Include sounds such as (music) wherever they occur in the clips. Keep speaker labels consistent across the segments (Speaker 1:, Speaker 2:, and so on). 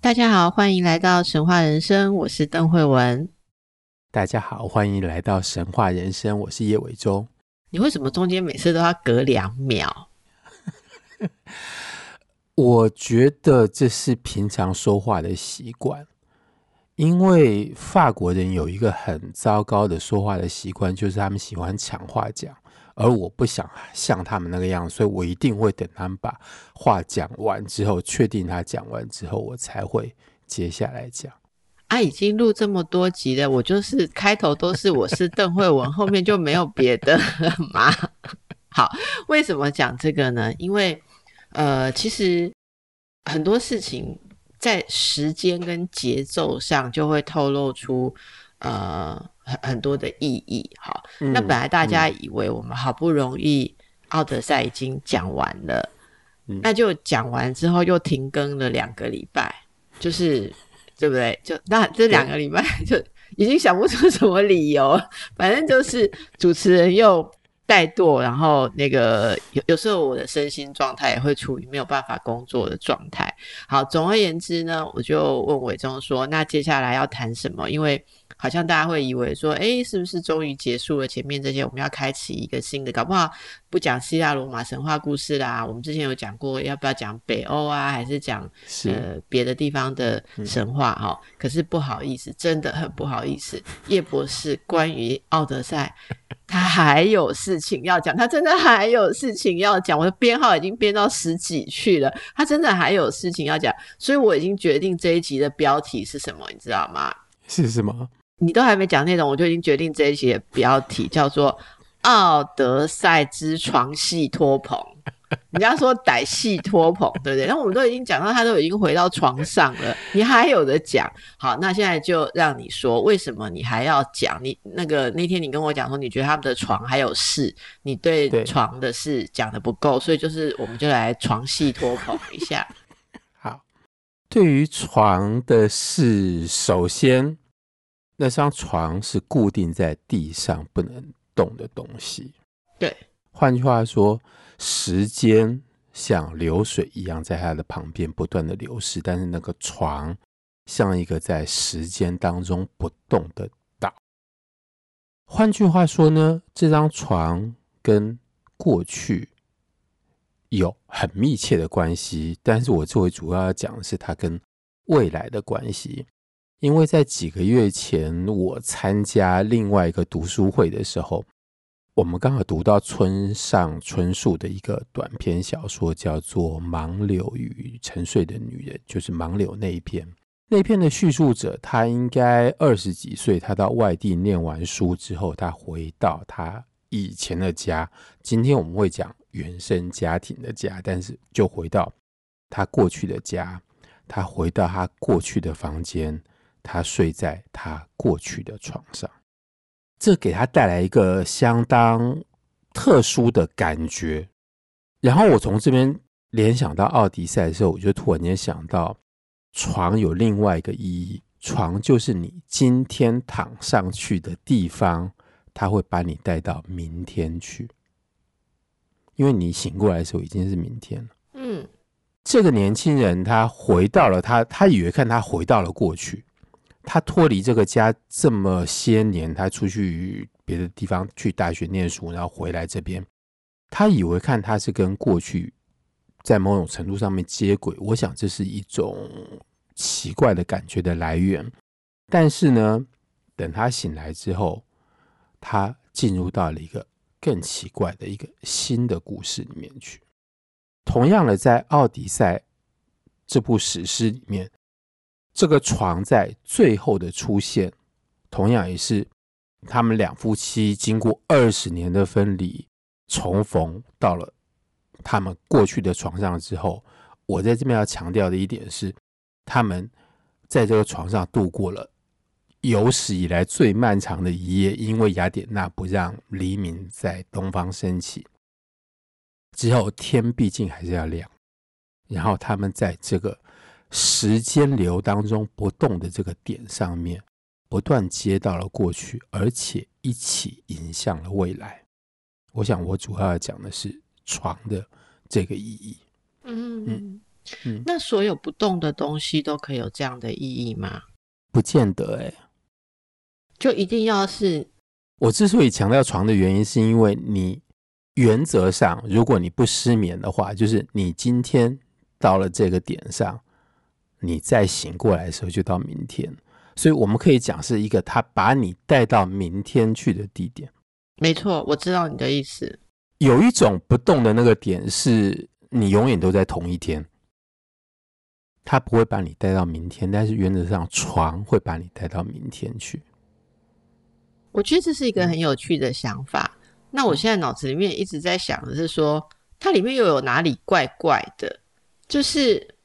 Speaker 1: 大家好，歡迎來到神話人生，我是鄧慧文。大家好，歡
Speaker 2: 迎來到神話人生，我是葉偉忠。
Speaker 1: 你為什麼中間每次都要隔兩秒？
Speaker 2: (laughs) 我覺得這是平常說話的習慣，因為法國人有一個很糟糕的說話的習慣，就是他們喜歡搶話講。而我不想像他們那個樣，所以我一定會等他們把話講完之後，確定他講完之後，我才會接下來講。
Speaker 1: 啊，已經錄這麼多集了，我就是開頭都是我是鄧惠文， (laughs) 後面就沒有別的了嗎？好，為什麼講這個呢？因為呃，其實很多事情在時間跟節奏上就會透露出呃。很多的意義好，嗯，那本來大家以為我們好不容易奧德賽已經講完了，嗯，那就講完之後又停更了兩個禮拜，就是對不對？就那這兩個禮拜就已經想不出什麼理由，對，反正就是主持人又怠惰， (laughs) 然後那個有有時候我的身心狀態也會處於沒有辦法工作的狀態。好，總而言之呢，我就問偉忠說：“那接下來要談什麼？”因為好像大家會以為說，誒、欸、是不是終於結束了？前面這些我們要開啟一個新的，搞不好不講希臘羅馬神話故事啦。我們之前有講過，要不要講北歐啊，還是講呃別的地方的神話、哦？哈，可是不好意思，真的很不好意思。葉 (laughs) 博士關於《奧德賽》，他還有事情要講，他真的還有事情要講。我的編號已經編到十幾去了，他真的還有事情要講。所以我已經決定這一集的標題是什麼，你知道嗎？
Speaker 2: 是什麼？
Speaker 1: 你都還沒講那種，我就已經決定這一期的標題叫做《奧德賽之床戲拖棚。》 (laughs) 人家說“歹戲拖棚”，對不對？那我們都已經講到，他都已經回到床上了，你還有的講。好，那現在就讓你說，為什麼你還要講你？你那個那天你跟我講說，你覺得他們的床還有事，你對床的事講的不夠，所以就是我們就來床戲拖棚一下。 (laughs) 好，
Speaker 2: 對於床的事，首先。那張床是固定在地上不能動的東西。對，換句話說，時間像流水一樣在它的旁邊不斷的流逝，但是那個床像一個在時間當中不動的島。換句話說呢，這張床跟過去有很密切的關係，但是我最為主要要講的是它跟未來的關係。因為在幾個月前，我參加另外一個讀書會的時候，我們剛好讀到村上春樹的一個短篇小說，叫做《盲柳與沉睡的女人》，就是《盲柳》那一篇。那篇的敘述者，他應該二十幾歲，他到外地念完書之後，他回到他以前的家。今天我們會講原生家庭的家，但是就回到他過去的家，他回到他過去的房間。他睡在他過去的床上，這給他帶來一個相當特殊的感覺。然後我從這邊聯想到《奧迪賽》的時候，我就突然間想到，床有另外一個意義，床就是你今天躺上去的地方，他會把你帶到明天去，因為你醒過來的時候已經是明天了。嗯，這個年輕人他回到了他，他以為看他回到了過去。他脫離這個家這麼些年，他出去別的地方去大學念書，然後回來這邊，他以為看他是跟過去在某種程度上面接軌，我想這是一種奇怪的感覺的來源。但是呢，等他醒來之後，他進入到了一個更奇怪的一個新的故事裡面去。同樣的，在《奧迪賽》這部史詩裡面。這個床在最後的出現，同樣也是他們兩夫妻經過二十年的分離重逢，到了他們過去的床上之後，我在這邊要強調的一點是，他們在這個床上度過了有史以來最漫長的一夜，因為雅典娜不讓黎明在東方升起，之後天畢竟還是要亮，然後他們在這個。時間流當中不動的這個點上面，不斷接到了過去，而且一起影響了未來。我想我主要要講的是床的這個意義。嗯嗯
Speaker 1: 嗯。那所有不動的東西都可以有這樣的意義嗎？
Speaker 2: 不見得哎、欸，
Speaker 1: 就一定要是。
Speaker 2: 我之所以強調床的原因，是因為你原則上，如果你不失眠的話，就是你今天到了這個點上。你再醒過來的時候就到明天，所以我們可以講是一個他把你帶到明天去的地點。沒錯，我知道你的意思。有一種不動的那個點，是你永遠都在同一天，他不會把你帶到明天。但是原則上，床會把你帶到明天去。
Speaker 1: 我覺得這是一個很有趣的想法。嗯，那我現在腦子裡面一直在想的是說，它裡面又有哪裡怪怪的？就是。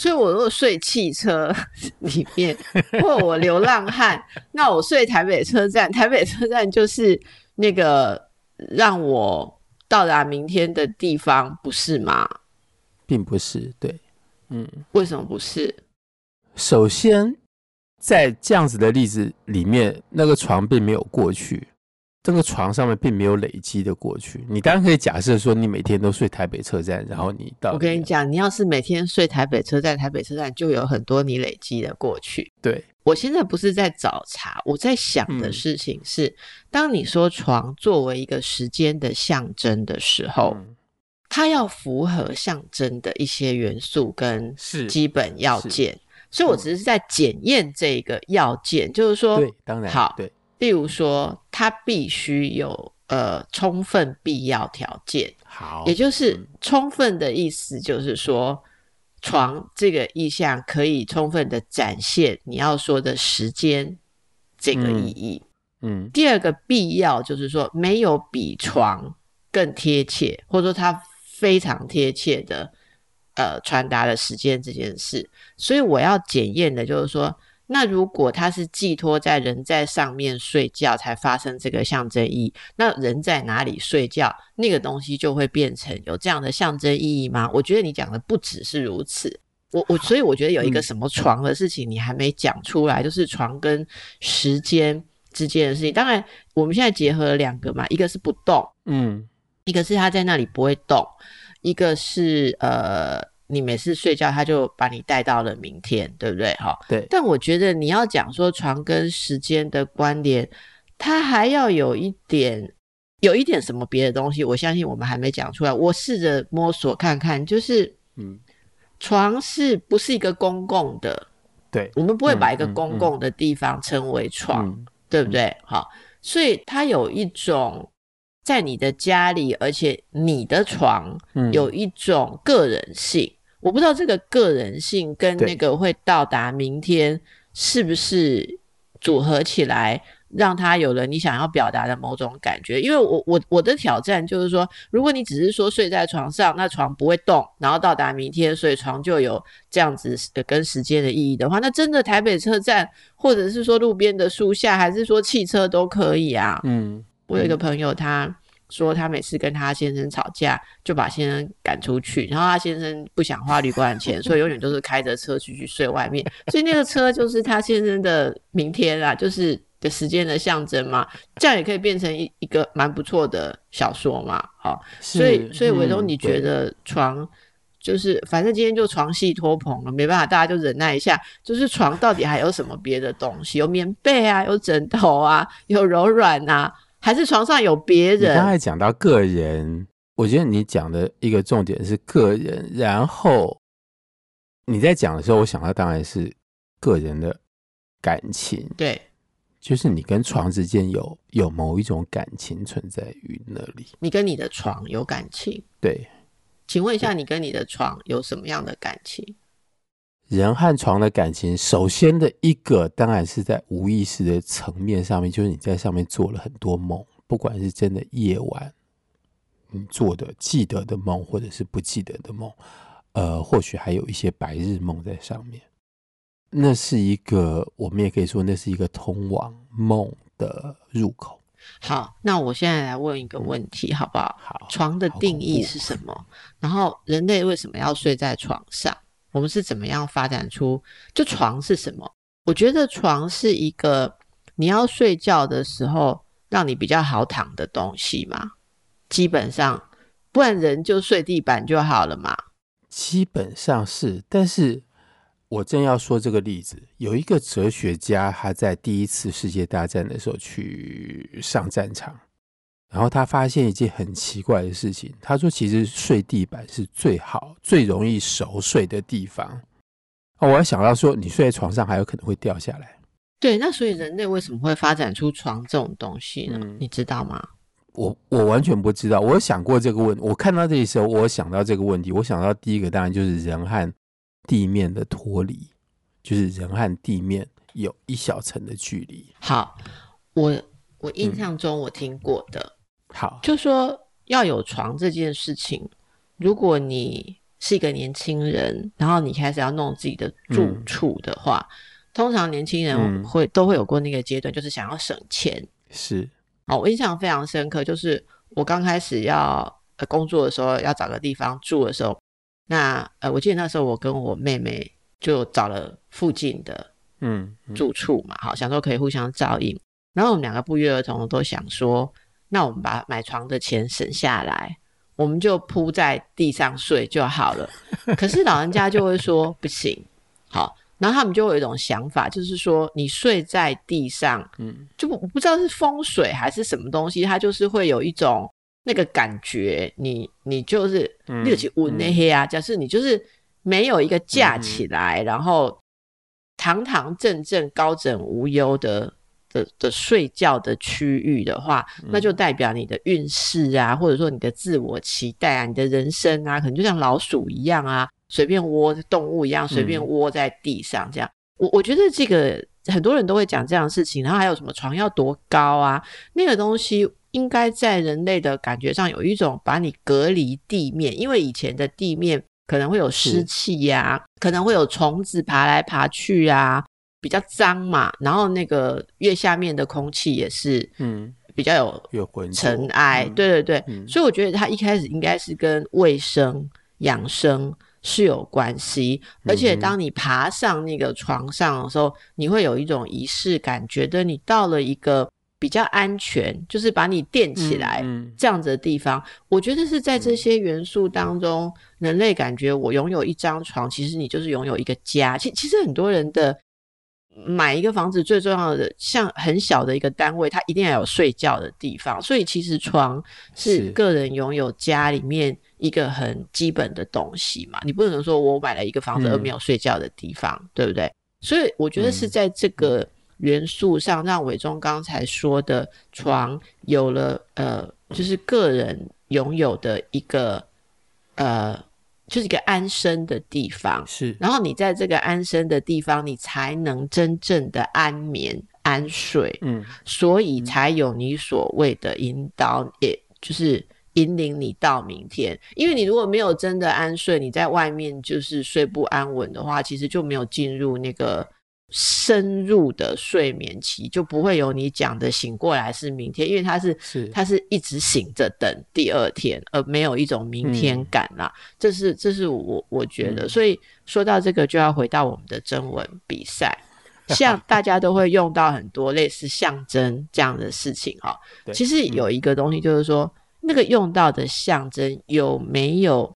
Speaker 1: 所以，我如果睡汽車裡面，或我流浪漢， (laughs) 那我睡台北車站，台北車站就是那個讓我到達明天的地方，
Speaker 2: 不是嗎？並不是，對，
Speaker 1: 嗯，為什麼不是？
Speaker 2: 首先，在這樣子的例子裡面，那個床並沒有過去。這個床上面並沒有累積的過去。你當然可以假設說，你每天都睡台北車站，然後你到、
Speaker 1: 啊、我跟你講，你要是每天睡台北車站，台北車站就有很多你累積的過去。對，我現在不是在找茬，我在想的事情是、嗯，當你說床作為一個時間的象徵的時候，嗯、它要符合象徵的一些元素跟基本要件。嗯、所以我只是在檢驗這個要件，嗯、就是說，對，當然好，對。例如說，它必須有呃充分必要條件。
Speaker 2: 好，也就
Speaker 1: 是充分的意思就是說，嗯、床這個意象可以充分的展現你要說的時間這個意義嗯。嗯。第二個必要就是說，沒有比床更貼切，或者說它非常貼切的呃傳達的時間這件事。所以我要檢驗的就是說。那如果它是寄託在人在上面睡覺才發生這個象徵意義，那人在哪裡睡覺，那個東西就會變成有這樣的象徵意義嗎？我覺得你講的不只是如此，我我所以我覺得有一個什麼床的事情你還沒講出來，嗯，就是床跟時間之間的事情。當然我們現在結合了兩個嘛，一個是不動，嗯，一個是他在那裡不會動，一個是呃。你每次睡覺，他就把你帶到了明天，對不對？哈，對。但我覺得你要講說床跟時間的關聯，它還要有一點，有一點什麼別的東西。我相信我們還沒講出來。我試着摸索看看，就是，
Speaker 2: 嗯，
Speaker 1: 床是不是一個公共的？對，我們不會把一個公共的地方稱為床，嗯嗯嗯、對不對？嗯嗯，好，所以它有一種在你的家裡，而且你的床有一種個人性。嗯。我不知道這個個人性跟那個會到達明天是不是組合起來，讓它有了你想要表達的某種感覺。因為我我我的挑戰就是說，如果你只是說睡在床上，那床不會動，然後到達明天，所以床就有這樣子的跟時間的意義的話，那真的台北車站，或者是說路邊的樹下，還是說汽車都可以啊。嗯，我有一個朋友他，說她每次跟她先生吵架，就把先生趕出去。然後她先生不想花旅館的錢，所以永遠都是開着車出去，去睡外面。 (laughs) 所以那個車就是她先生的明天啊，就是的時間的象徵嘛。這樣也可以變成一一個蠻不錯的小說嘛。好、哦，所以所以偉忠你覺得床就是，反正今天就床戲拖棚了，沒辦法，大家就忍耐一下。就是床到底還有什麼別的東西？有棉被啊，有枕頭啊，有柔軟啊。還是床上有別人？你剛才
Speaker 2: 講到個人，我覺得你講的一個重點是個人。然後你在講的時候，我想到當然是個人的感情。對，就是你跟床之間有有某一種感情存在於那裡。
Speaker 1: 你跟你的床有感情？對，請問一下，你跟你的床有什麼樣的感情？
Speaker 2: 人和床的感情，首先的一個當然是在無意識的層面上面，就是你在上面做了很多夢，不管是真的夜晚你、嗯、做的記得的夢，或者是不記得的夢，呃，或許還有一些白日夢在上面。那是一個，我們也可以說，那是一個通往夢的入口。
Speaker 1: 好，那我現在來問一個問題，好不好？嗯、好，好。床的定義是什麼？然後，人類為什麼要睡在床上？我們是怎麼樣發展出，就床是什麼？我覺得床是一個你要睡覺的時候讓你比較好躺的東西嘛。基本上，不然人就睡地
Speaker 2: 板就好了嘛。基本上是，但是我正要說這個例子，有一個哲學家他在第一次世界大戰的時候去上戰場。然後他發現一件很奇怪的事情，他說：“其實睡地板是最好、最容易熟睡的地方。”哦，我要想到說，你睡在床上還有可能會掉下來。
Speaker 1: 對，那所以人類為什麼會發展出床這種東西呢？嗯，你知道嗎？
Speaker 2: 我我完全不知道。我想過這個問題，我看到這裡時候，我想到這個問題。我想到第一個當然就是人和地面的脫離，就是人和地面有一小層的距離。好，我
Speaker 1: 我印象中我聽過的。嗯好，就說要有床這件事情，如果你是一個年輕人，然後你開始要弄自己的住處的話，嗯、通常年輕人會、嗯、都會有過那個階段，就是想要省錢。是，哦，我印象非常深刻，就是我剛開始要呃工作的時候，要找個地方住的時候，那呃我記得那時候我跟我妹妹就找了附近的
Speaker 2: 嗯
Speaker 1: 住處嘛、嗯，好，想說可以互相照應，然後我們兩個不約而同都想說。那我們把買床的錢省下來，我們就鋪在地上睡就好了。 (laughs) 可是老人家就會說 (laughs) 不行，好，然後他們就會有一種想法，就是說你睡在地上，嗯，就不我不知道是風水還是什麼東西，他就是會有一種那個感覺你，你你就是六七五那些、個、啊、嗯嗯，假設你就是沒有一個架起來，嗯、然後堂堂正正、高枕無憂的。的的睡覺的區域的話，那就代表你的運勢啊，或者說你的自我期待啊，你的人生啊，可能就像老鼠一樣啊，隨便窩動物一樣，隨便窩在地上這樣。我我覺得這個很多人都會講這樣的事情，然後還有什麼床要多高啊？那個東西應該在人類的感覺上有一種把你隔離地面，因為以前的地面可能會有濕氣呀，可能會有蟲子爬來爬去啊。比較髒嘛，然後那個月下面的空氣也是，嗯，比較有有灰塵、塵、嗯、埃，對對對、嗯嗯，所以我覺得它一開始應該是跟衛生、養生是有關係、嗯。而且當你爬上那個床上的時候，你會有一種儀式感，覺得你到了一個比較安全，就是把你墊起來這樣子的地方、嗯嗯。我覺得是在這些元素當中，嗯、人類感覺我擁有一張床，其實你就是擁有一個家。其其實很多人的。買一個房子，最重要的，像很小的一個單位，它一定要有睡覺的地方。所以其實床是個人擁有家裡面一個很基本的東西嘛。你不能說我買了一個房子而沒有睡覺的地方，嗯、對不對？所以我覺得是在這個元素上，讓偉忠剛才說的床有了呃，就是個人擁有的一個呃。就是一個安身的地方，是。然後你在這個安身的地方，你才能真正的安眠安睡，嗯，所以才有你所謂的引導，也就是引領你到明天。因為你如果沒有真的安睡，你在外面就是睡不安穩的話，其實就沒有進入那個。深入的睡眠期，就不會有你講的醒過來是明天，因為它是它是，是一直醒着等第二天，而沒有一種明天感啦。嗯、這是這是我我覺得、嗯，所以說到這個就要回到我們的徵文比賽，像大家都會用到很多類似象徵這樣的事情哈、喔。 (laughs) 其實有一個東西就是說，那個用到的象徵有沒有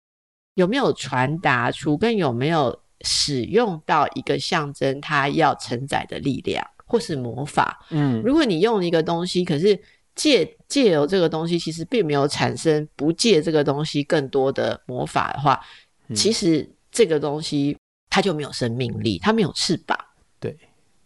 Speaker 1: 有沒有傳達出，跟有沒有？使用到一個象徵，它要承載的力量或是魔法。嗯，如果你用一個東西，可是借借由這個東西，其實並沒有產生不借這個東西更多的魔法的話，嗯、其實這個東西它就沒有生命力、嗯，它沒有翅膀。對，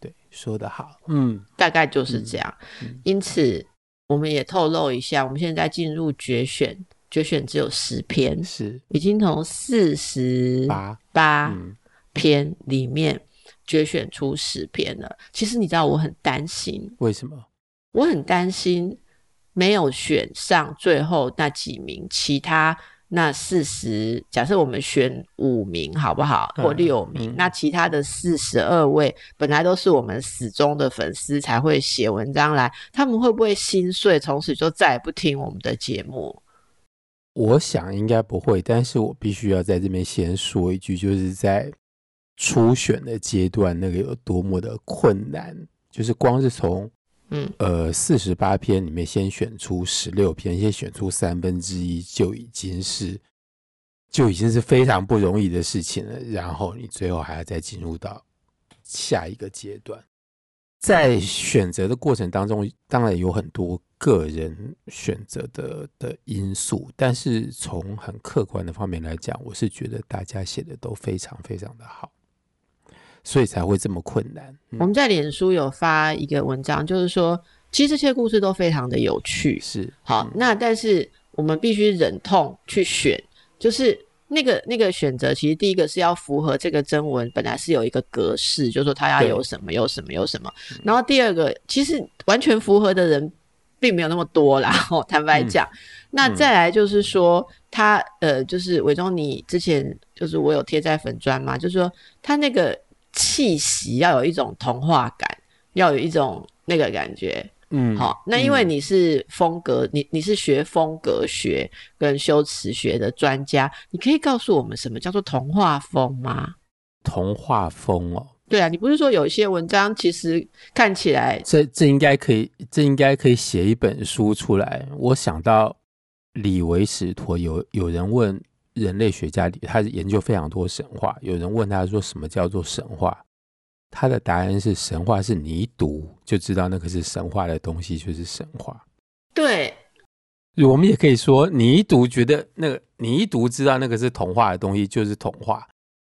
Speaker 1: 對，說得好。嗯，大概就是這樣。嗯嗯、因此，我們也透露一下，我們現在進入決選，決選只有十篇，是，已經從四十八八。篇裡面決選出十篇了。其實你知道我很擔心，為什麼？我很擔心沒有選上最後那幾名，其他那四十，假設我們選五名，好不好？嗯、或六名、嗯，那其他的四十二位，本來都是我們死忠的粉絲才會寫文章來，他們會不會心碎，從此就再也不聽我們的節目？
Speaker 2: 我想應該不會，但是我必須要在這邊先說一句，就是在。初選的階段，那個有多麼的困難，就是光是從，嗯呃，四十八篇裡面先選出十六篇，先選出三分之一就已經是就已經是非常不容易的事情了。然後你最後還要再進入到下一個階段，在選擇的過程當中，當然有很多個人選擇的的因素，但是從很客觀的方面來講，我是覺得大家寫的都非常非常的好。所以才會這麼困難。嗯、
Speaker 1: 我們在臉書有發一個文章，就是說，其實這些故事都非常的有趣。是好、嗯，那但是我們必須忍痛去選，就是那個那個選擇，其實第一個是要符合這個徵文，本來是有一個格式，就是說他要有什麼有什麼有什麼，嗯。然後第二個，其實完全符合的人並沒有那麼多啦。我坦白講，嗯，那再來就是說，他呃，就是偉忠，你之前就是我有貼在粉專嘛，就是說他那個。氣息要有一種童話感，要有一種那個感覺，
Speaker 2: 嗯，好、
Speaker 1: 哦。那因為你是風格，嗯、你你是學風格學跟修辭學的專家，你
Speaker 2: 可以告訴我們什麼叫做童話風嗎？童話風哦，
Speaker 1: 對啊，你不是說有一些文章其實看起來
Speaker 2: 這，這這應該可以，這應該可以寫一本書出來。我想到李維史陀有，有有人問。人類學家，裡，他是研究非常多神話。有人問他說：“什麼叫做神話？”他的答案是：“神話是你一讀就知道那個是神話的東西，就是神話。”對，我們也可以說，你一讀覺得那個，你一讀知道那個是童話的東西，就是童話。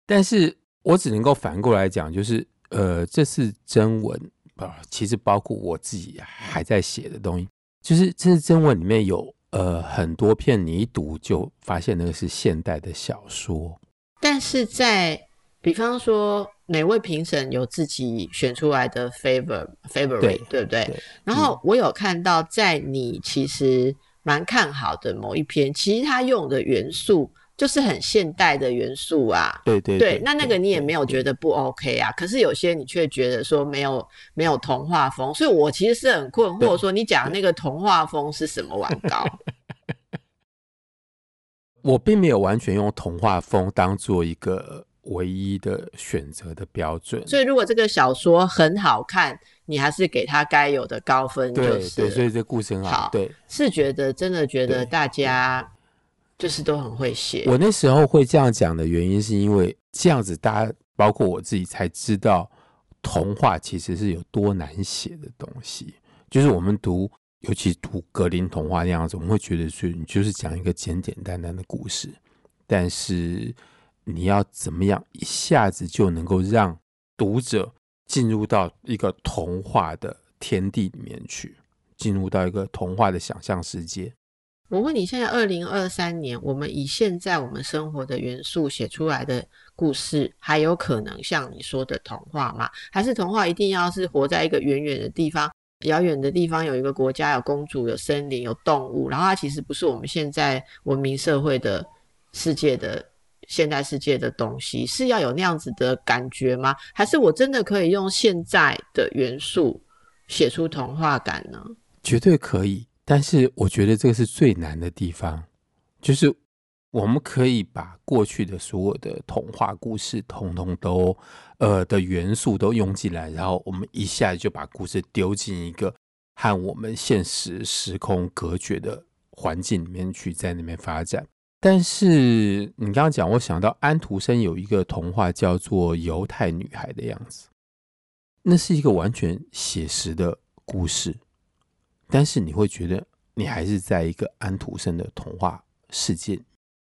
Speaker 2: 但是我只能夠反過來講，就是呃，這是真文，啊，其實包括我自己還在寫的東西，就是這是真文裡面有。呃，很多片你一讀就發現那個是現代的小說，
Speaker 1: 但是在比方說，哪位評審有自己選出來的 favorite favorite，對，對不對，對？然後我有看到，在你其實蠻看好的某一篇，其實它用的元素。就是很現代的元素啊，對對對,對,對,對,對對對，那那個你也沒有覺得不 OK 啊，對對對對可是有些你卻覺得說沒有沒有童話風，所以我其實是很困惑，對對對對或者說你講那個童話風是什麼玩高？對
Speaker 2: 對對對 (laughs) 我並沒有完全用童話風當做一個唯一的選擇的標準，所
Speaker 1: 以如果這個小說很好看，你還是給他該有的高分、就是，對對,對,對，所
Speaker 2: 以這故事很好，對，
Speaker 1: 是覺得真的覺得大家。就是都很會寫。我
Speaker 2: 那時候會這樣講的原因，是因為這樣子，大家包括我自己才知道，童話其實是有多難寫的東西。就是我們讀，尤其讀格林童話那樣子，我們會覺得，說你就是講一個簡簡單單的故事，但是你要怎麼樣一下子就能夠讓讀者進入到一個童話的天地裡面去，進入到一個童話的想象世界？
Speaker 1: 我問你，現在二零二三年，我們以現在我們生活的元素寫出來的故事，還有可能像你說的童話嗎？還是童話一定要是活在一個遠遠的地方、遙遠的地方，有一個國家，有公主，有森林，有動物，然後它其實不是我們現在文明社會的世界的現代世界的東西，是要有那樣子的感覺嗎？還是我真的可以用現在的元素寫出童話感呢？
Speaker 2: 絕對可以。但是我覺得這個是最難的地方，就是我們可以把過去的所有的童話故事，統統都呃的元素都用進來，然後我們一下就把故事丟進一個和我們現實時空隔絕的環境裡面去，在那邊發展。但是你剛剛講，我想到安徒生有一個童話叫做《猶太女孩的樣子》，那是一個完全寫實的故事。但是你會覺得你還是在一個安徒生的童話世界，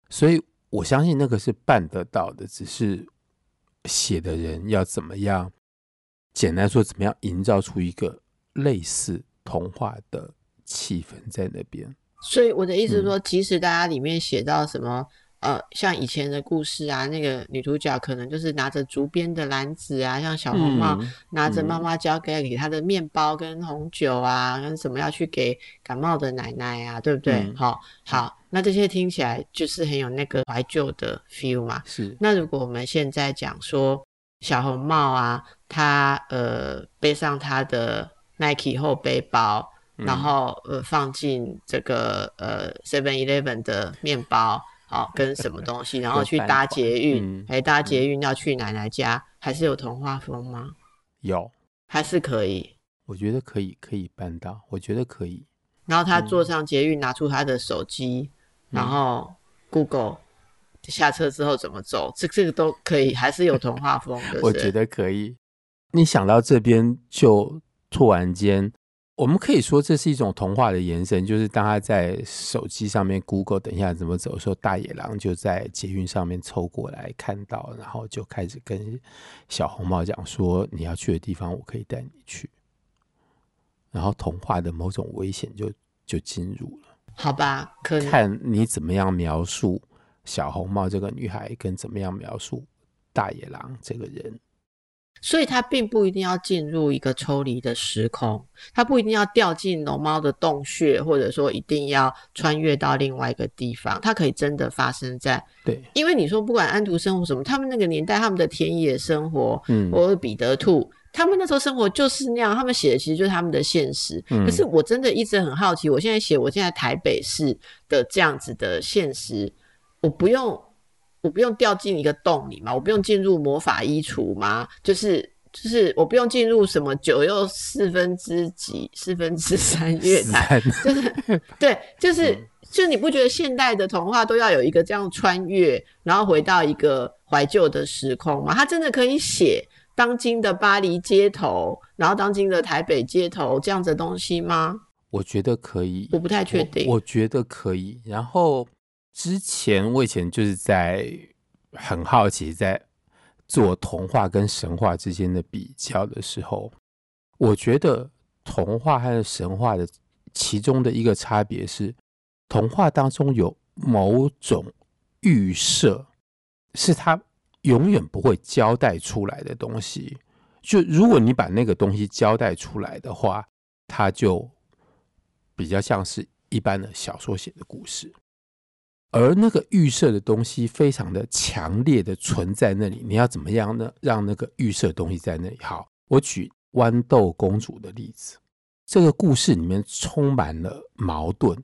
Speaker 2: 所以我相信那個是辦得到的，只是寫的人要怎麼樣？簡單說，怎麼樣營造出一個類似童話的氣氛在那邊、嗯？
Speaker 1: 所以我的意思是說，即使大家裡面寫到什麼。呃，像以前的故事啊，那個女主角可能就是拿着竹編的籃子啊，像小紅帽拿着媽媽交給給她的麵包跟紅酒啊，嗯嗯、跟什麼要去給感冒的奶奶啊，對不對？好、嗯哦，好，那這些聽起來就是很有那個懷舊的 feel 嘛。是。那如果我們現在講說小紅帽啊，她呃背上她的 Nike 後背包，然後、嗯、呃放進這個呃 Seven Eleven 的麵包。哦、跟什麼東西，然後去搭捷運，哎、嗯欸，搭捷運要去奶奶家，嗯，還是有童話風嗎？
Speaker 2: 有，還是可以，我覺得可以，可以辦到，我覺得可以。
Speaker 1: 然後他坐上捷運，嗯、拿出他的手機，然後 Google、嗯、下車之後怎麼走，這這個都可以，還是有童話風、就是，我覺
Speaker 2: 得可以。你想到這邊就突然間。我們可以說，這是一種童話的延伸，就是當他在手機上面 Google 等一下怎麼走的時候，大野狼就在捷運上面湊過來看到，然後就開始跟小紅帽講說，你要去的地方我可以帶你去，然後童話的某種危險就就進入了，
Speaker 1: 好吧？可以。看
Speaker 2: 你怎麼樣描述小紅帽這個女孩，跟怎麼樣描述大野狼這個人。
Speaker 1: 所以它並不一定要進入一個抽離的時空，它不一定要掉進龍貓的洞穴，或者說一定要穿越到另外一個地方，它可以真的發生在對，因為你說不管安徒生或什麼，他們那個年代他們的田野生活，嗯，或者彼得兔，他們那時候生活就是那樣，他們寫的其實就是他們的現實。可是我真的一直很好奇，我現在寫我現在台北市的這樣子的現實，我不用。我不用掉進一個洞裡嘛？我不用進入魔法衣櫥嗎？就是就是，我不用進入什麼九又四分之幾、四分之三月台？就是 (laughs) 對，就是、嗯、就你不覺得現代的童話都要有一個這樣穿越，然後回到一個懷舊的時空嗎？他真的可以寫當今的巴黎街頭，然後當今的台北街頭這樣子的東西嗎？
Speaker 2: 我覺得可以，我不太確定。我，我覺得可以，然後。之前我以前就是在很好奇，在做童話跟神話之間的比較的時候，我覺得童話和神話的其中的一個差別是，童話當中有某種預設，是它永遠不會交代出來的東西。就如果你把那個東西交代出來的話，它就比較像是一般的小說寫的故事。而那個預設的東西非常的強烈的存在那裡，你要怎麼樣呢？讓那個預設的東西在那裡。好，我舉豌豆公主的例子，這個故事裡面充滿了矛盾。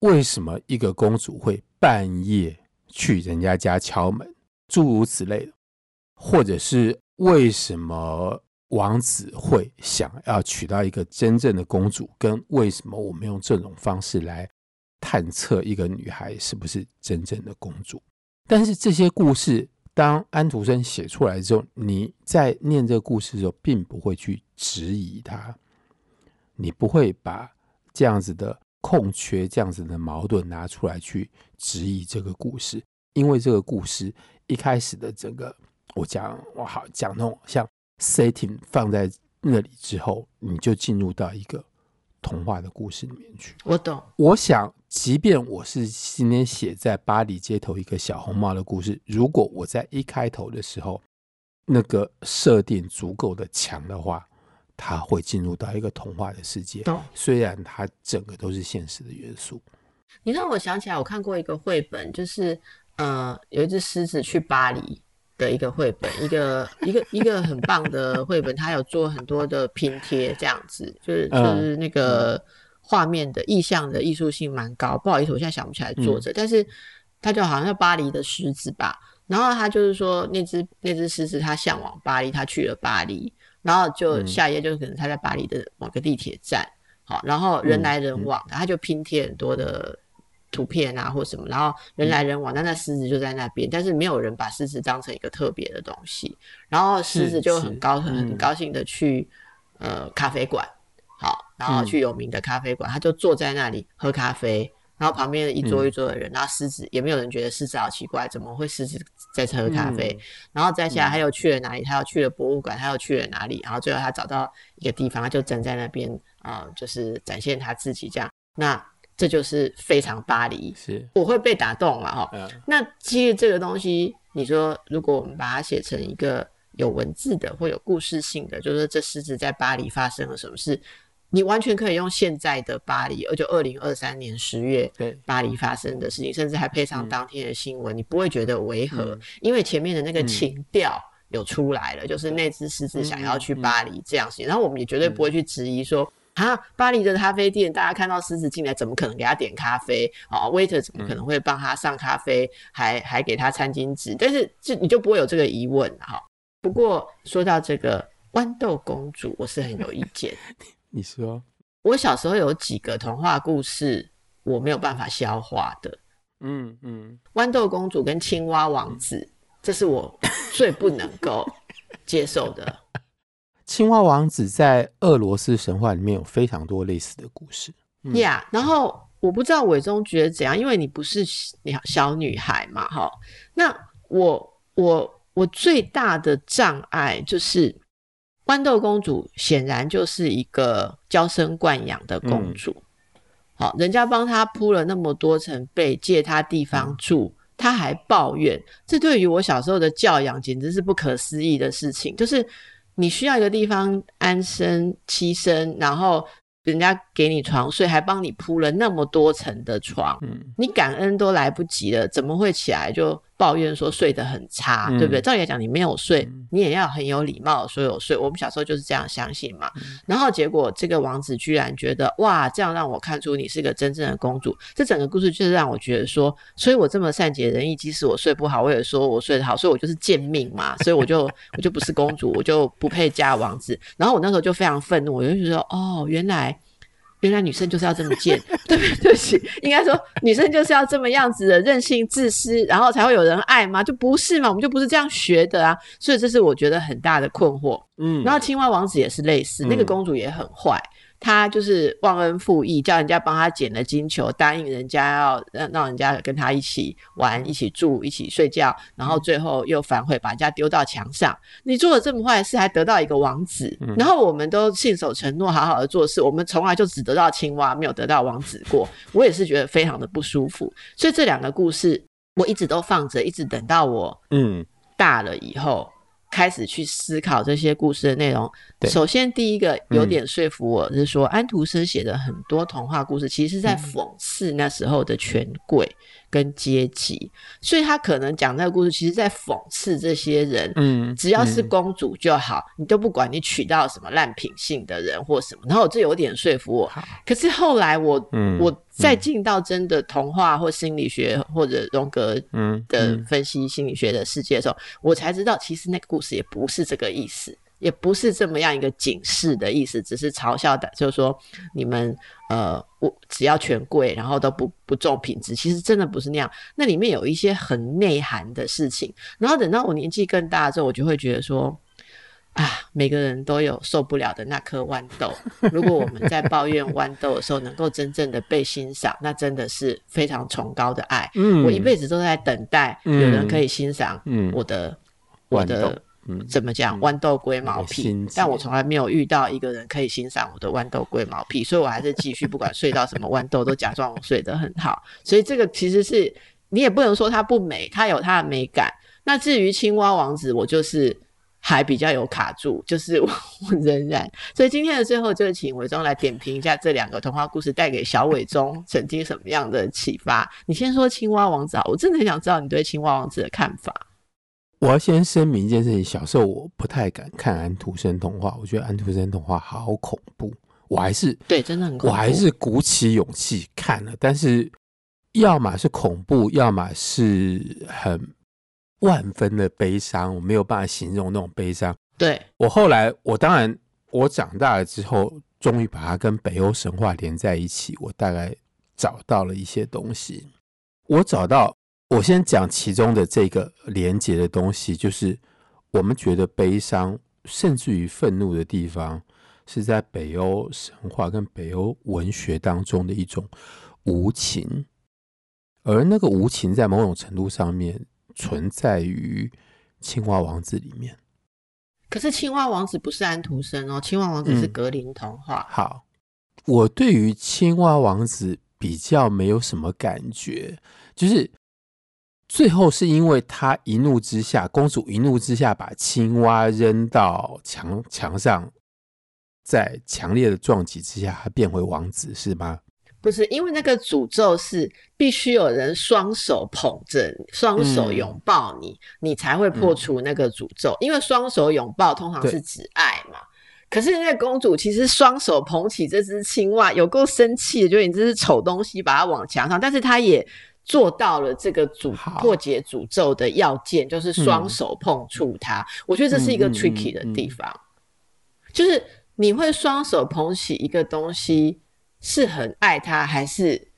Speaker 2: 為什麼一個公主會半夜去人家家敲門？諸如此類的，或者是為什麼王子會想要娶到一個真正的公主？跟為什麼我們用這種方式來？探測一個女孩是不是真正的公主，但是這些故事當安徒生寫出來之後，你在念這個故事的時候，並不會去質疑他，你不會把這樣子的空缺，這樣子的矛盾拿出來去質疑這個故事，因為這個故事一開始的整個我講我好講那種像 setting 放在那裡之後，你就進入到一個童話的故事裡面去。我懂，我想。即便我是今天寫在巴黎街頭一個小紅帽的故事，如果我在一開頭的時候，那個設定足夠的強的話，它會進入到一個童話的世界。雖然它整個都是現實的元素，
Speaker 1: 你讓我想起來，我看過一個繪本，就是呃，有一隻獅子去巴黎的一個繪本，一個一個一個很棒的繪本， (laughs) 它有做很多的拼貼，這樣子，就是就是那個。嗯嗯畫面的意象的藝術性蠻高，不好意思，我現在想不起來作者、嗯，但是他就好像是巴黎的獅子吧。然後他就是說那，那只那只獅子，它嚮往巴黎，它去了巴黎，然後就下一頁，就可能他在巴黎的某個地鐵站、嗯，好，然後人來人往，嗯、他就拼貼很多的圖片啊或什麼，然後人來人往，但、嗯、那獅子就在那邊、嗯，但是沒有人把獅子當成一個特別的東西，然後獅子，獅子就很高，很很高興的去、嗯、呃咖啡館。然後去有名的咖啡館、嗯，他就坐在那裡喝咖啡，然後旁邊的一桌一桌的人，嗯、然後獅子也沒有人覺得獅子好奇怪，怎麼會獅子在喝咖啡？嗯、然後在下他又去了哪裡、嗯？他又去了博物館，他又去了哪裡？然後最後他找到一個地方，他就站在那邊，呃，就是展現他自己這樣。那這就是非常巴黎，是我會被打動了哈、哦嗯。那其實這個東西，你說如果我們把它寫成一個有文字的或有故事性的，就是這獅子在巴黎發生了什麼事？你完全可以用現在的巴黎，而就二零二三年十月巴黎發生的事情，okay, 甚至還配上當天的新聞、嗯，你不會覺得違和、嗯，因為前面的那個情調有出來了，嗯、就是那只獅子想要去巴黎這樣子、嗯嗯嗯。然後我們也絕對不會去質疑說、嗯、啊，巴黎的咖啡店，大家看到獅子進來，怎麼可能給他點咖啡啊、哦？Waiter 怎麼可能會幫他上咖啡，還還給他餐巾紙、嗯。但是這你就不會有這個疑問哈、哦。不過說到這個豌豆公主，我是很有意見。 (laughs)
Speaker 2: 你說，
Speaker 1: 我小時候有幾個童話故事我沒有辦法消化的，嗯嗯，豌豆公主跟青蛙王子，這是我最不能夠接受的。
Speaker 2: (laughs) 青蛙王子在俄羅斯神話裡面有非常多類似的故事，
Speaker 1: 呀、嗯，yeah, 然後我不知道偉忠覺得怎樣，因為你不是小小女孩嘛，哈，那我我我最大的障礙就是。豌豆公主顯然就是一個嬌生慣養的公主，好、嗯，人家幫她鋪了那麼多層被，借她地方住，她還抱怨。這對於我小時候的教養簡直是不可思議的事情。就是你需要一個地方安身棲身，然後人家給你床睡，還幫你鋪了那麼多層的床、嗯，你感恩都來不及了，怎麼會起來就抱怨說睡得很差，嗯，對不對？照理來講，你沒有睡，你也要很有禮貌說有睡。我們小時候就是這樣相信嘛。然後結果這個王子居然覺得哇，這樣讓我看出你是個真正的公主。這整個故事就是讓我覺得說，所以我這麼善解人意，即使我睡不好，我也說我睡得好，所以我就是賤命嘛，所以我就我就不是公主， (laughs) 我就不配嫁王子。然後我那時候就非常憤怒，我就覺得哦，原來。原來女生就是要這麼賤，對不對？對不起，應該說女生就是要這麼樣子的任性自私，然後才會有人愛嗎？就不是嘛，我們就不是這樣學的啊！所以這是我覺得很大的困惑。嗯，然後青蛙王子也是類似，嗯、那個公主也很壞。他就是忘恩負義，叫人家幫他撿了金球，答應人家要讓讓人家跟他一起玩，一起住，一起睡覺，然後最後又反悔，把人家丟到牆上。你做了這麼壞事，還得到一個王子。然後我們都信守承諾，好好的做事，我們從來就只得到青蛙，沒有得到王子過。我也是覺得非常的不舒服，所以這兩個故事我一直都放着，一直等到我嗯大了以後。開始去思考這些故事的內容。首先，第一個有點說服我，是說、嗯、安徒生寫的很多童話故事，其實是在諷刺那時候的權貴。嗯嗯跟階級，所以他可能講那個故事，其實在諷刺這些人。嗯，只要是公主就好，嗯、你都不管你娶到什麼爛品性的人或什麼。然後我這有點說服我，可是後來我，嗯、我再進到真的童話或心理學或者榮格的分析心理學的世界的時候、嗯嗯，我才知道其實那個故事也不是這個意思。也不是這麼樣一個警示的意思，只是嘲笑的，就是說你們呃，我只要權貴，然後都不不重品質，其實真的不是那樣。那裡面有一些很內涵的事情。然後等到我年紀更大的之後，我就會覺得說，啊，每個人都有受不了的那顆豌豆。如果我們在抱怨豌豆的時候，能夠真正的被欣賞， (laughs) 那真的是非常崇高的愛、嗯。我一輩子都在等待有人可以欣賞我的、嗯嗯、我的。怎麼講、嗯、豌豆龜毛癖、嗯？但我從來沒有遇到一個人可以欣賞我的豌豆龜毛癖，所以我還是繼續不管睡到什麼豌豆都假裝我睡得很好。 (laughs) 所以這個其實是你也不能說它不美，它有它的美感。那至於青蛙王子，我就是還比較有卡住，就是我，我仍然。所以今天的最後就請偉忠來點評一下這兩個童話故事帶給小偉忠曾經什麼樣的啟發？你先說青蛙王子，我真的很想知道你對青蛙王子的看法。
Speaker 2: 我要先聲明一件事情：小時候我不太敢看安徒生童話，我覺得安徒生童話好恐怖。我還是
Speaker 1: 對，真的很恐怖。我還是
Speaker 2: 鼓起勇氣看了，但是要麼是恐怖，要麼是很萬分的悲傷，我沒有辦法形容那種悲傷。對，我後來，我當然我長大了之後，終於把它跟北歐神話連在一起，我大概找到了一些東西，我找到。我先講其中的這個連結的東西，就是我們覺得悲傷，甚至於憤怒的地方，是在北歐神話跟北歐文學當中的一種無情，而那個無情在某種程度上面存在於青蛙王子裡面。
Speaker 1: 可是青蛙王子不是安徒生哦，青蛙王子是格林童話。
Speaker 2: 好，我對於青蛙王子比較沒有什麼感覺，就是。最後是因為他一怒之下，公主一怒之下把青蛙扔到牆牆上，在強烈的撞擊之下，它變回王子是嗎？
Speaker 1: 不是，因為那個詛咒是必須有人雙手捧着，雙手擁抱你、嗯，你才會破除那個詛咒、嗯。因為雙手擁抱通常是指愛嘛。可是那個公主其實雙手捧起這隻青蛙，有夠生氣的，就是你這是醜東西，把它往牆上，但是她也。做到了這個詛，破解詛咒的要件，就是雙手碰觸它、嗯。我覺得這是一個 tricky 的地方，嗯嗯嗯、就是你會雙手捧起一個東西，是很愛它，還是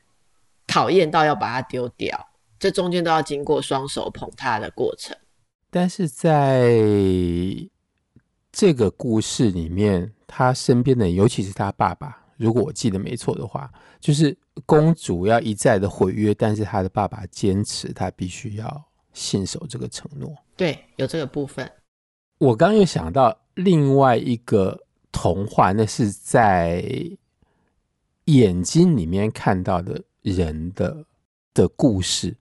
Speaker 1: 討厭到要把它丟掉？這中間都要經過雙手捧它的過程。
Speaker 2: 但是在這個故事裡面，他身邊的尤其是他爸爸。如果我記得沒錯的話，就是公主要一再的毀約，但是她的爸爸堅持，他必須要信守這個承諾。
Speaker 1: 對，有這個部分。
Speaker 2: 我剛又想到另外一個童話，那是在眼睛裡面看到的人的的故事，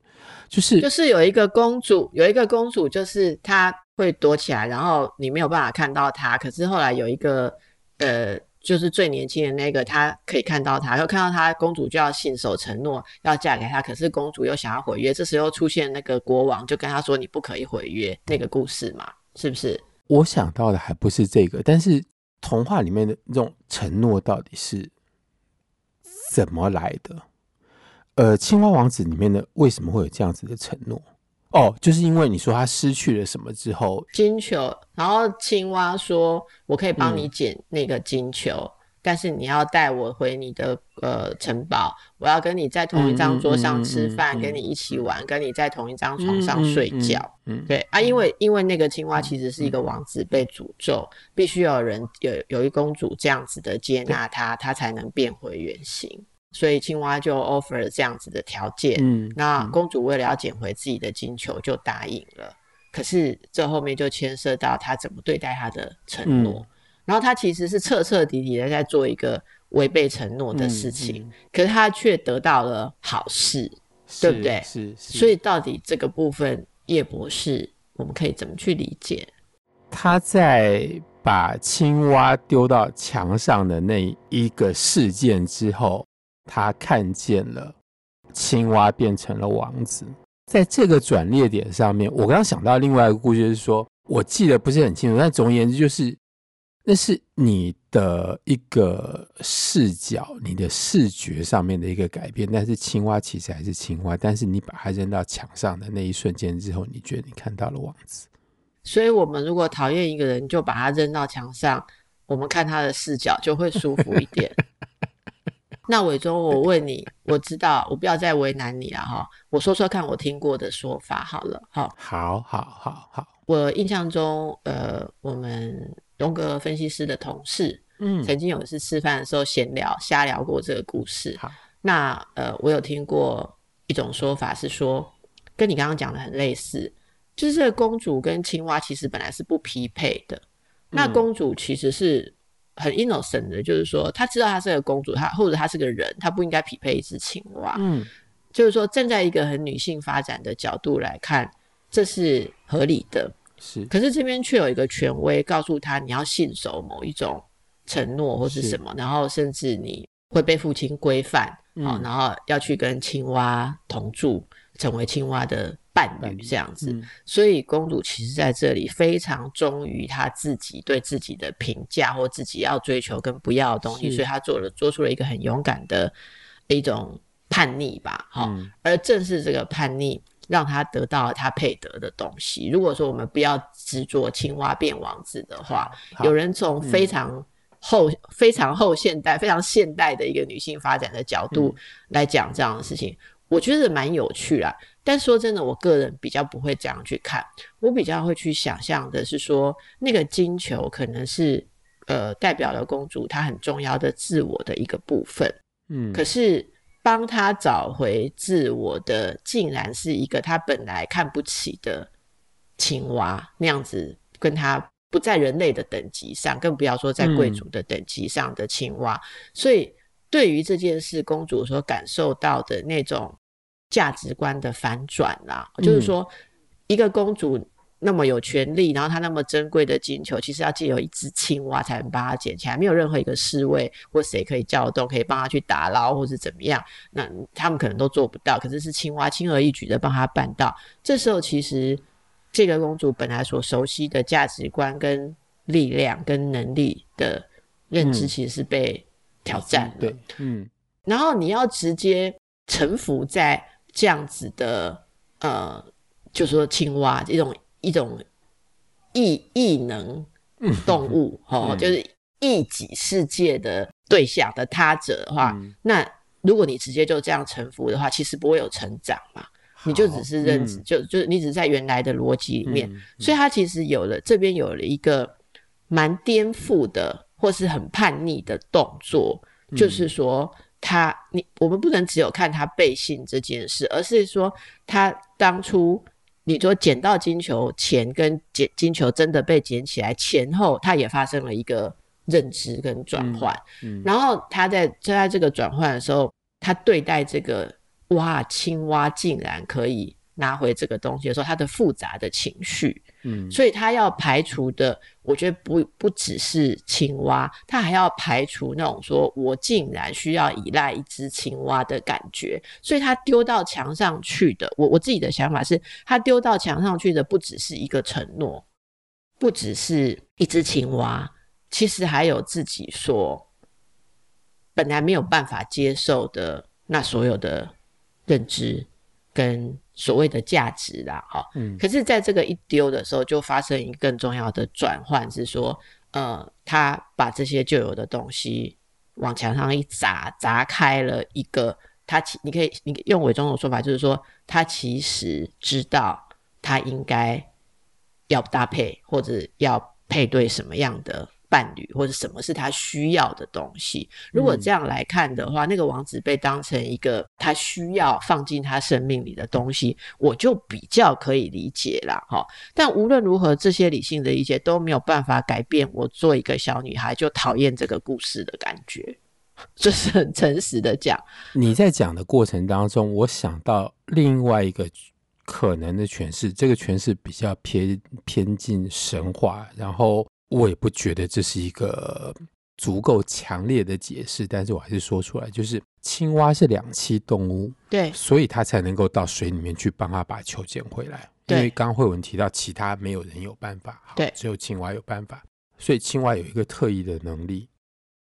Speaker 2: 就是就
Speaker 1: 是有一個公主，有一個公主，就是她會躲起來，然後你沒有辦法看到她，可是後來有一個呃。就是最年輕的那個，他可以看到他，他又看到他，公主就要信守承諾，要嫁給他。可是公主又想要毀約，這時候出現那個國王就跟他說：“你不可以毀約。”那個故事嘛，是不是？
Speaker 2: 我想到的還不是這個，但是童話裡面的那種承諾到底是怎麼來的？呃，青蛙王子裡面的為什麼會有這樣子的承諾？哦、oh，就是因為你說他失去了什麼之後，
Speaker 1: 金球，然後青蛙說：“我可以幫你撿那個金球，嗯、但是你要帶我回你的呃城堡，我要跟你在同一張桌上吃飯、嗯嗯嗯，跟你一起玩，嗯、跟你在同一張床上睡覺。嗯嗯嗯”對、嗯、啊，因為因為那個青蛙其實是一個王子被詛咒，嗯嗯、必須有人有有一公主這樣子的接納他、嗯，他才能變回原形。所以青蛙就 offer 了這樣子的條件，嗯，那公主為了要撿回自己的金球就答應了。嗯、可是這後面就牽涉到她怎麼對待她的承諾、嗯，然後她其實是徹徹底底的在做一個違背承諾的事情，嗯嗯、可是她卻得到了好事，對不對？是、是、是。所以到底這個部分葉博士我們可以怎麼去理解？
Speaker 2: 他在把青蛙丟到牆上的那一個事件之後。他看見了青蛙變成了王子，在這個轉捩點上面，我剛剛想到另外一個故事，是說我記得不是很清楚，但總而言之就是，那是你的一個視角，你的視覺上面的一個改變。但是青蛙其實還是青蛙，但是你把它扔到牆上的那一瞬間之後，你覺得你看到了王子。
Speaker 1: 所以我們如果討厭一個人，就把他扔到牆上，我們看他的視角就會舒服一點。 (laughs) 那偉忠，我問你，我知道，我不要再為難你了哈。我說說看，我聽過的說法好了
Speaker 2: 好。哈，好，好，好，好。
Speaker 1: 我印象中，呃，我們榮格分析師的同事，嗯，曾經有一次吃飯的時候閒聊，瞎聊過這個故事，嗯。好，那呃，我有聽過一種說法是說，跟你剛剛講的很類似，就是這個公主跟青蛙其實本來是不匹配的。
Speaker 2: 那公
Speaker 1: 主其實是，嗯。很 innocent 的，就是說，他知道她是個公主，她或者她是個人，她不應該匹配一只青蛙。嗯，就是說，站在一個很女性發展的角度來看，這是合理的。是，可是這邊卻有一個權威告訴她，你要信守某一種承諾或是什麼是，然後甚至你會被父親規範，嗯、哦，然後要去跟青蛙同住，成為青蛙的。伴侶這樣子，嗯嗯，所以公主其實在這裡非常忠於她自己對自己的評價或自己要追求跟不要的東西，所以她做了做出了一個很勇敢的一種叛逆吧，好，嗯哦，而正是這個叛逆讓她得到她配得的東西。如果說我們不要執着青蛙變王子的話，有人從非常後，嗯、非常後現代、非常現代的一個女性發展的角度來講這樣的事情，嗯、我覺得蠻有趣啦。但說真的，我個人比較不會這樣去看，我比較會去想象的是說，那個金球可能是呃代表了公主她很重要的自我的一個部分。嗯，可是幫她找回自我的，竟然是一個她本來看不起的青蛙，那樣子跟她不在人類的等級上，更不要說在貴族的等級上的青蛙。嗯。所以對於這件事，公主所感受到的那種。價值觀的反轉啦，就是說，一個公主那麼有權利，然後她那麼珍貴的金球，其實要借由一只青蛙才能把它撿起來，沒有任何一個侍衛或誰可以叫動，可以幫他去打撈或是怎麼樣，那他們可能都做不到。可是是青蛙輕而易舉的幫他辦到。這時候，其實這個公主本來所熟悉的價值觀、跟力量、跟能力的認知，其實是被挑戰
Speaker 2: 了。
Speaker 1: 嗯，然後你要直接臣服在。這樣子的呃，就是說青蛙一種一種異異能動物，哦、嗯喔嗯，就是異己世界的對象的他者的話、嗯，那如果你直接就這樣臣服的話，其實不會有成長嘛，你就只是認知，嗯、就就你只是在原來的邏輯裡面、嗯嗯，所以它其實有了這邊有了一個蠻顛覆的，或是很叛逆的動作，嗯、就是說。他，你我們不能只有看他背信這件事，而是說他當初你說撿到金球前跟，跟撿金球真的被撿起來前後，他也發生了一個認知跟轉換，嗯嗯。然後他在在這個轉換的時候，他對待這個哇青蛙竟然可以拿回這個東西的時候，他的複雜的情緒。嗯，所以，他要排除的，我覺得不不只是青蛙，他還要排除那種說我竟然需要依賴一隻青蛙的感覺。所以，他丟到牆上去的，我我自己的想法是他丟到牆上去的，不只是一個承諾，不只是一隻青蛙，其實還有自己所本來沒有辦法接受的那所有的認知。跟所謂的價值啦，哈，嗯，可是，在這個一丟的時候，就發生一個更重要的轉換，是說，呃，他把這些舊有的東西往牆上一砸，砸開了一個，他其你可以你用偉忠的說法，就是說，他其實知道他應該要搭配或者要配對什麼樣的伴侶或者什麼是他需要的東西？如果這樣來看的話，嗯，那個王子被當成一個他需要放進他生命裡的東西，我就比較可以理解了哈。但無論如何，這些理性的一切都沒有辦法改變我做一個小女孩就討厭這個故事的感覺，
Speaker 2: 這是很誠實的講。你在講的過程當中，我想到另外一個可能的詮釋，這個詮釋比較偏偏近神話，然後，我也不覺得這是一個足夠強烈的解釋，但是我還是說出來，就是青蛙是兩棲動物，對，所以它才能夠到水裡面去，幫他把球撿回來。因為剛惠文提到，其他沒有人有辦法，對，只有青蛙有辦法，所以青蛙有一個特異的能力。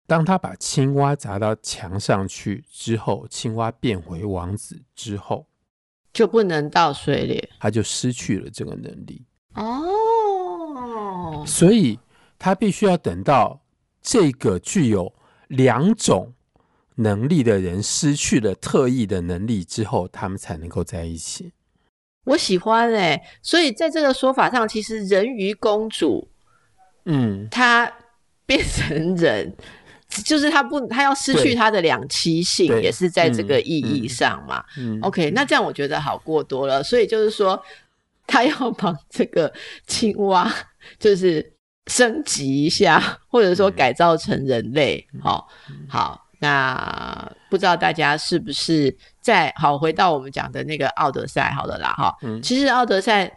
Speaker 2: 當他把青蛙砸到牆上去之後，青蛙變回王子之後，就不能到水裡，他就失去了這個能力。哦，所以。他必須要等到這個具有兩種能力的人失去了特異的能力之後，他們才能夠在一起。
Speaker 1: 我喜歡哎、欸，所以在這個說法上，其實人魚公主，
Speaker 2: 嗯，
Speaker 1: 她變成人，就是她不，她要失去她的兩棲性，也是在這個意義上嘛、嗯嗯。OK，那這樣我覺得好過多了。所以就是說，她要把這個青蛙，就是。升級一下，或者說改造成人類，好、嗯哦嗯，好，那不知道大家是不是在好回到我們講的那個《奧德賽》？好了啦，哈、哦嗯，其實《奧德賽》《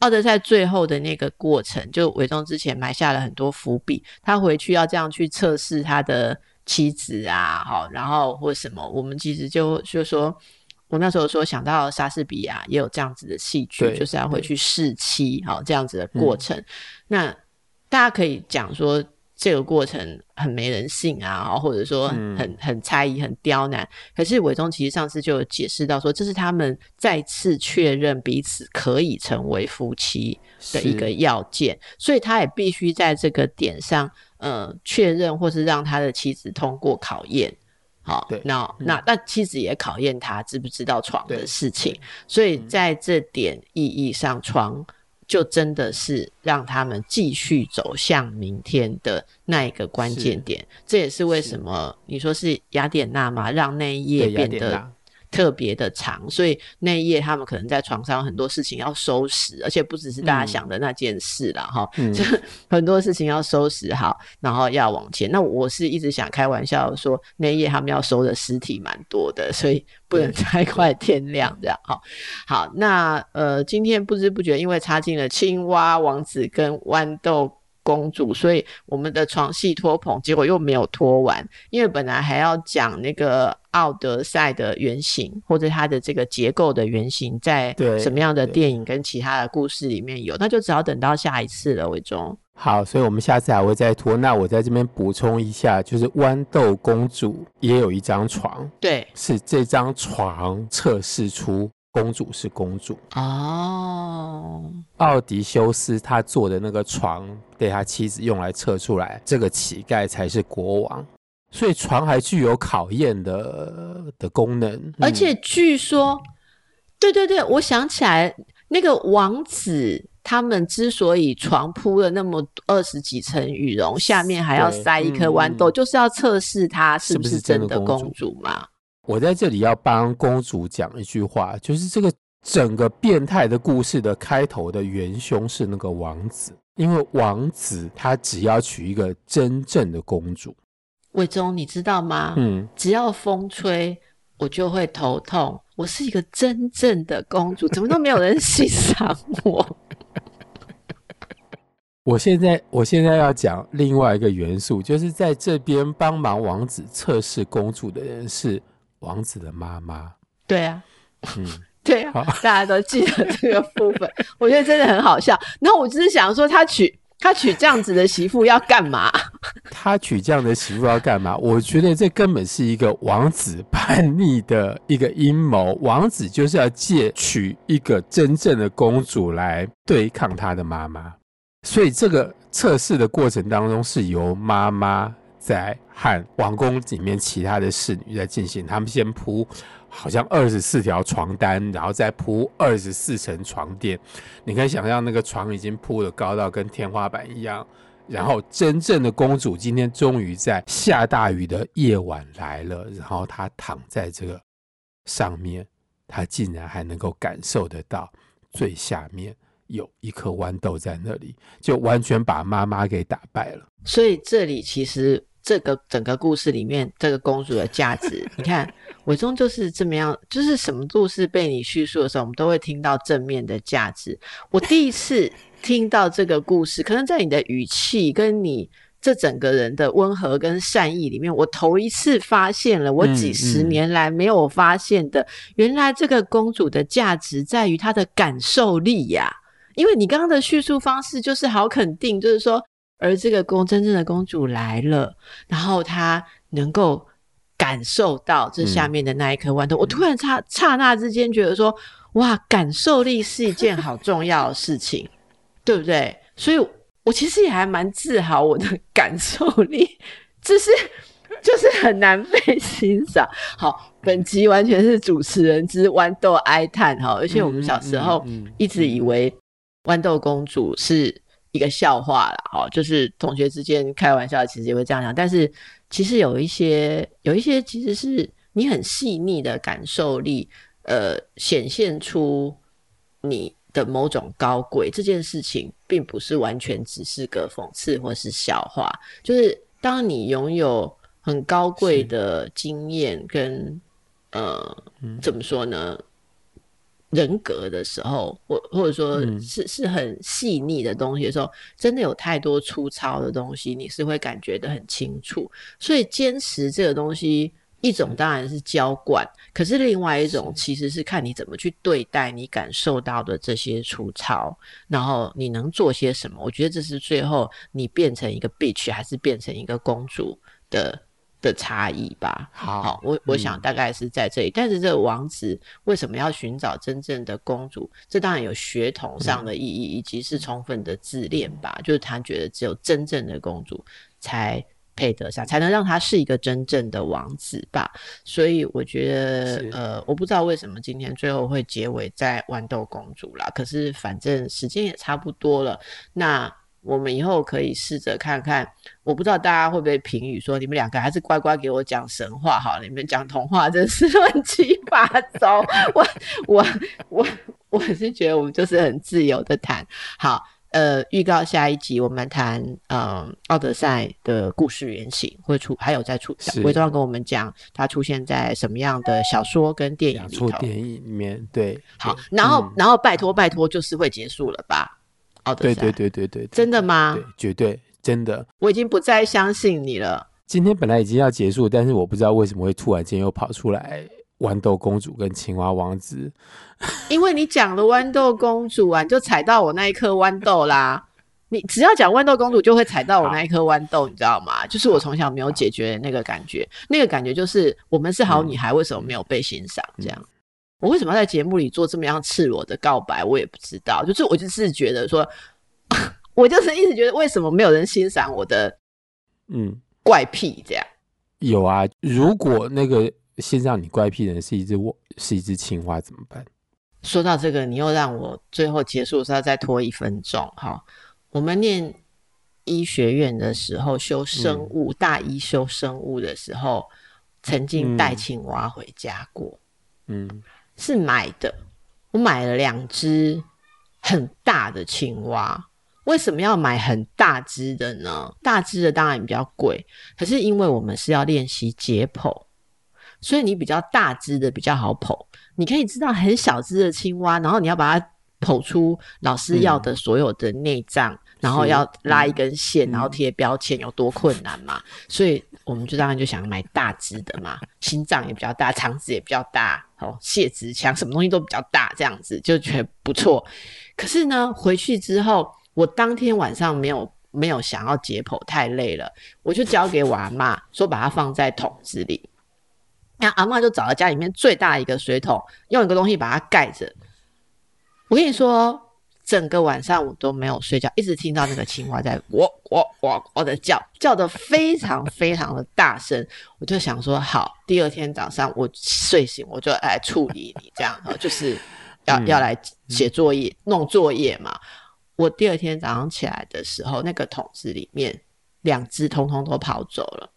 Speaker 1: 奧德賽》最後的那個過程，就偽裝之前埋下了很多伏筆。他回去要這樣去測試他的妻子啊，好，然後或什麼，我們其實就就說，我那時候說想到莎士比亞也有這樣子的戲劇，就是要回去試妻，好這樣子的過程，嗯、那。大家可以講說這個過程很沒人性啊，或者說很很猜疑、很刁難。可是偉忠其實上次就解釋到說，這是他們再次確認彼此可以成為夫妻的一個要件，所以他也必須在這個點上，呃、嗯，確認或是讓他的妻子通過考驗。好，對那、嗯、那那妻子也考驗他知不知道床的事情，所以在這點意義上，嗯、床。就真的是讓他們繼續走向明天的那一個關鍵點，這也是為什麼你說是雅典娜嘛，讓那一夜變得特別的長，所以那夜他們可能在床上很多事情要收拾，而且不只是大家想的那件事了哈，就、嗯、是 (laughs) 很多事情要收拾好，然後要往前。那我是一直想開玩笑說，那夜他們要收的屍體蠻多的，所以不能太快天亮這樣。好、嗯，好，那呃，今天不知不覺因為插進了青蛙王子跟豌豆。公主，所以我們的床戲拖棚，結果又沒有拖完，因為本來還要講那個奧德賽的原型，或者它的這個結構的原型在什麼樣的電影跟其他的故事裡面有，那就只好等到下一次了偉忠。
Speaker 2: 好，所以我們下次還會再拖。那我在這邊補充一下，就是豌豆公主也有一張床，對，是這張床測試出，公主是公主哦，奧迪修斯他做的那個床被他妻子用來測出來，這個乞丐才是國王，所以床還具有考驗的的功能、嗯。
Speaker 1: 而且據說，對對對，我想起來，那個王子他們之所以床鋪了那麼二十幾層羽絨，下面還要塞一顆豌豆，嗯、就是要測試他是不是真的公主
Speaker 2: 嘛。是我在這裡要幫公主講一句話，就是這個整個變態的故事的開頭的元凶是那個王子，因為王子他只要娶一個真正的公主。
Speaker 1: 偉忠，你知道嗎？嗯，只要風吹我就會頭痛。我是一個真正的公主，怎麼都沒有人欣賞我, (laughs) 我。
Speaker 2: 我現在我現在要講另外一個元素，就是在這邊幫忙王子測試公主的人是。王子的媽媽，
Speaker 1: 對呀、啊，嗯，對呀、啊， (laughs) 大家都記得這個部分， (laughs) 我覺得真的很好笑。然後我就是想說他，他娶他娶這樣子的媳婦要幹嘛？
Speaker 2: 他娶這樣的媳婦要幹嘛？我覺得這根本是一個王子叛逆的一個陰謀。王子就是要借娶一個真正的公主來對抗他的媽媽，所以這個測試的過程當中是由媽媽。在漢王宮裡面其他的侍女在進行，他們先鋪好像二十四條床單，然後再鋪二十四層床墊。你可以想象那個床已經鋪得高到跟天花板一樣。然後真正的公主今天終於在下大雨的夜晚來了，然後她躺在這個上面，她竟然還能夠感受得到最下面有一顆豌豆在那裡，就完全把媽媽給打敗了。所以這裡其實。
Speaker 1: 這個整個故事裡面，這個公主的價值，你看，偉忠就是這麼樣，就是什麼故事被你敘述的時候，我們都會聽到正面的價值。我第一次聽到這個故事，可能在你的語氣跟你這整個人的溫和跟善意裡面，我頭一次發現了我幾十年來沒有發現的、嗯嗯，原來這個公主的價值在於她的感受力呀、啊。因為你剛剛的敘述方式就是好肯定，就是說。而這個公真正的公主來了，然後她能夠感受到這下面的那一顆豌豆。嗯、我突然剎剎那之間覺得說，哇，感受力是一件好重要的事情， (laughs) 對不對？所以我，我其實也還蠻自豪我的感受力，就是就是很難被欣賞。好，本集完全是主持人之豌豆哀嘆哈、哦，而且我們小時候一直以為豌豆公主是。一個笑話啦，哈，就是同學之間開玩笑，其實也會這樣講。但是，其實有一些，有一些其實是你很細膩的感受力，呃，顯現出你的某種高貴。這件事情並不是完全只是個諷刺或是笑話，就是當你擁有很高貴的經驗跟呃，怎麼說呢？人格的時候，或或者說是是很細膩的東西的時候、嗯，真的有太多粗糙的東西，你是會感覺得很清楚。所以堅持這個東西，一種當然是澆灌、嗯，可是另外一種其實是看你怎麼去對待你感受到的這些粗糙，然後你能做些什麼。我覺得這是最後你變成一個 bitch 還是變成一個公主的。的差異吧，好，好，我我想大概是在這裡，嗯、但是這個王子為什麼要尋找真正的公主？這當然有血統上的意義、嗯，以及是充分的自戀吧、嗯，就是他覺得只有真正的公主才配得上，才能讓他是一個真正的王子吧。所以我覺得，呃，我不知道為什麼今天最後會結尾在豌豆公主啦，可是反正時間也差不多了，那。我們以後可以試着看看，我不知道大家會不會評語說，你們兩個還是乖乖給我講神話好了，你們講童話真是亂七八糟。 (laughs) 我我我我是覺得我們就是很自由的談。好，呃，預告下一集我們談嗯、呃、奧德賽的故事原型，會出還有在出，偉忠要跟我們講他出現在什麼樣的小說跟
Speaker 2: 電影裡電影裡面對。好，嗯、然後
Speaker 1: 然後拜託拜託，就是會結束了吧。
Speaker 2: Oh, 對對對對對，對，真的嗎？對，絕對，真的，
Speaker 1: 我已經不再相信你
Speaker 2: 了。今天本來已經要結束，但是我不知道為什麼會突然間又跑出來豌豆公主跟青蛙王子。
Speaker 1: 因為你講了豌豆公主，啊，你就踩到我那一顆豌豆啦。 (laughs) 你只要講豌豆公主，就會踩到我那一顆豌豆，你知道嗎？就是我從小沒有解決的那個感覺，那個感覺就是我們是好女孩，為什麼沒有被欣賞、嗯？這樣。我為什麼要在節目裡做這麼樣赤裸的告白？我也不知道。就是我就是覺得說， (laughs) 我就是一直覺得，為什麼沒有人欣賞我的嗯怪癖這樣，嗯？
Speaker 2: 有啊，如果那個欣賞你怪癖的人是一只我，啊，是一隻青蛙怎麼辦？
Speaker 1: 說到這個，你又讓我最後結束的時候再拖一分鐘哈。我們念醫學院的時候修生物，嗯，大一修生物的時候，曾經帶青蛙回家過，嗯。嗯是買的，我買了兩隻很大的青蛙。為什麼要買很大隻的呢？大隻的當然比較貴，可是因為我們是要練習解剖，所以你比較大隻的比較好剖。你可以知道很小隻的青蛙，然後你要把它剖出老師要的所有的內臟。嗯然後要拉一根線，嗯、然後貼標籤，有多困難嘛、嗯？所以我們就當然就想買大支的嘛，心臟也比較大，腸子也比較大，好、哦，泄殖腔什麼東西都比較大，這樣子就覺得不錯。可是呢，回去之後，我當天晚上沒有沒有想要解剖，太累了，我就交給我阿媽說，把它放在桶子裡。那、啊、阿媽就找到家裡面最大的一個水桶，用一個東西把它蓋着。我跟你說、哦。整個晚上我都沒有睡覺，一直聽到那個青蛙在呱呱呱呱的叫，叫得非常非常的大聲。我就想說，好，第二天早上我睡醒我就來處理你這樣， (laughs) 就是要要來寫作業、嗯、弄作業嘛。我第二天早上起來的時候，那個桶子裡面兩隻通通都跑走了，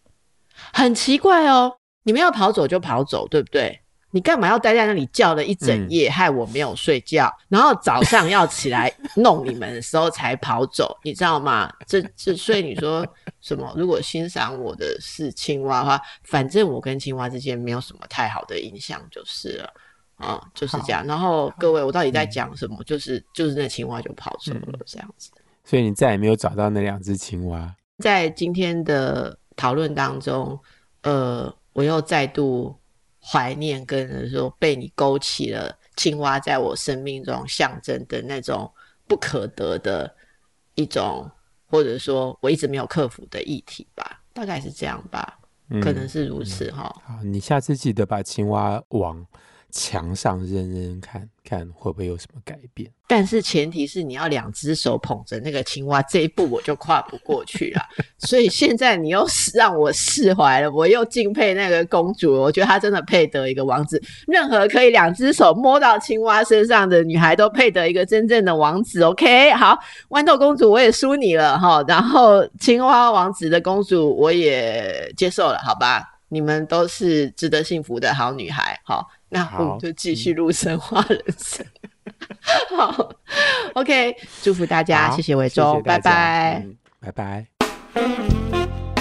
Speaker 1: 很奇怪哦。你們要跑走就跑走，對不對？你幹嘛要待在那裡叫了一整夜，害我沒有睡覺，然後早上要起來弄你們的時候才跑走，你知道嗎？這這，所以你說什麼？如果欣賞我的是青蛙的話，反正我跟青蛙之間沒有什麼太好的印象，就是了，啊，就是這樣。然後各位，我到底在講什麼？就是就是那青蛙就跑走了，這樣
Speaker 2: 子。所以你再也沒有找到那兩隻青蛙。
Speaker 1: 在今天的討論當中，呃，我又再度。懷念跟著說被你勾起了青蛙在我生命中象徵的那種不可得的一種，或者說我一直沒有克服的議題吧，大概是這樣吧，
Speaker 2: 可能是如此哈、嗯嗯嗯。好，你下次記得把青蛙往。牆上扔扔看看會不會有什麼改變？
Speaker 1: 但是前提是你要兩隻手捧着那個青蛙，這一步我就跨不過去啦。 (laughs) 所以現在你又讓我釋懷了，我又敬佩那個公主，我覺得她真的配得一個王子。任何可以兩隻手摸到青蛙身上的女孩都配得一個真正的王子。OK，好，豌豆公主我也輸你了哈。然後青蛙王子的公主我也接受了，好吧？你們都是值得幸福的好女孩，哈。.那我們就繼續錄《神話人生》好。 (laughs) (laughs) 好，OK，祝福大家，謝謝偉忠，拜拜，嗯、
Speaker 2: 拜拜。